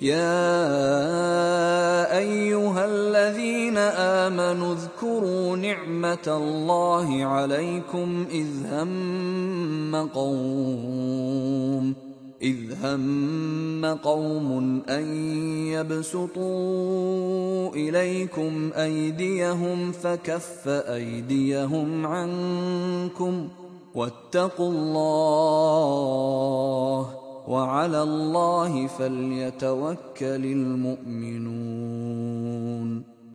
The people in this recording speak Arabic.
يا ايها الذين امنوا اذكروا نعمه الله عليكم اذ هم قوم إذ هم قوم أن يبسطوا إليكم أيديهم فكف أيديهم عنكم واتقوا الله وعلى الله فليتوكل المؤمنون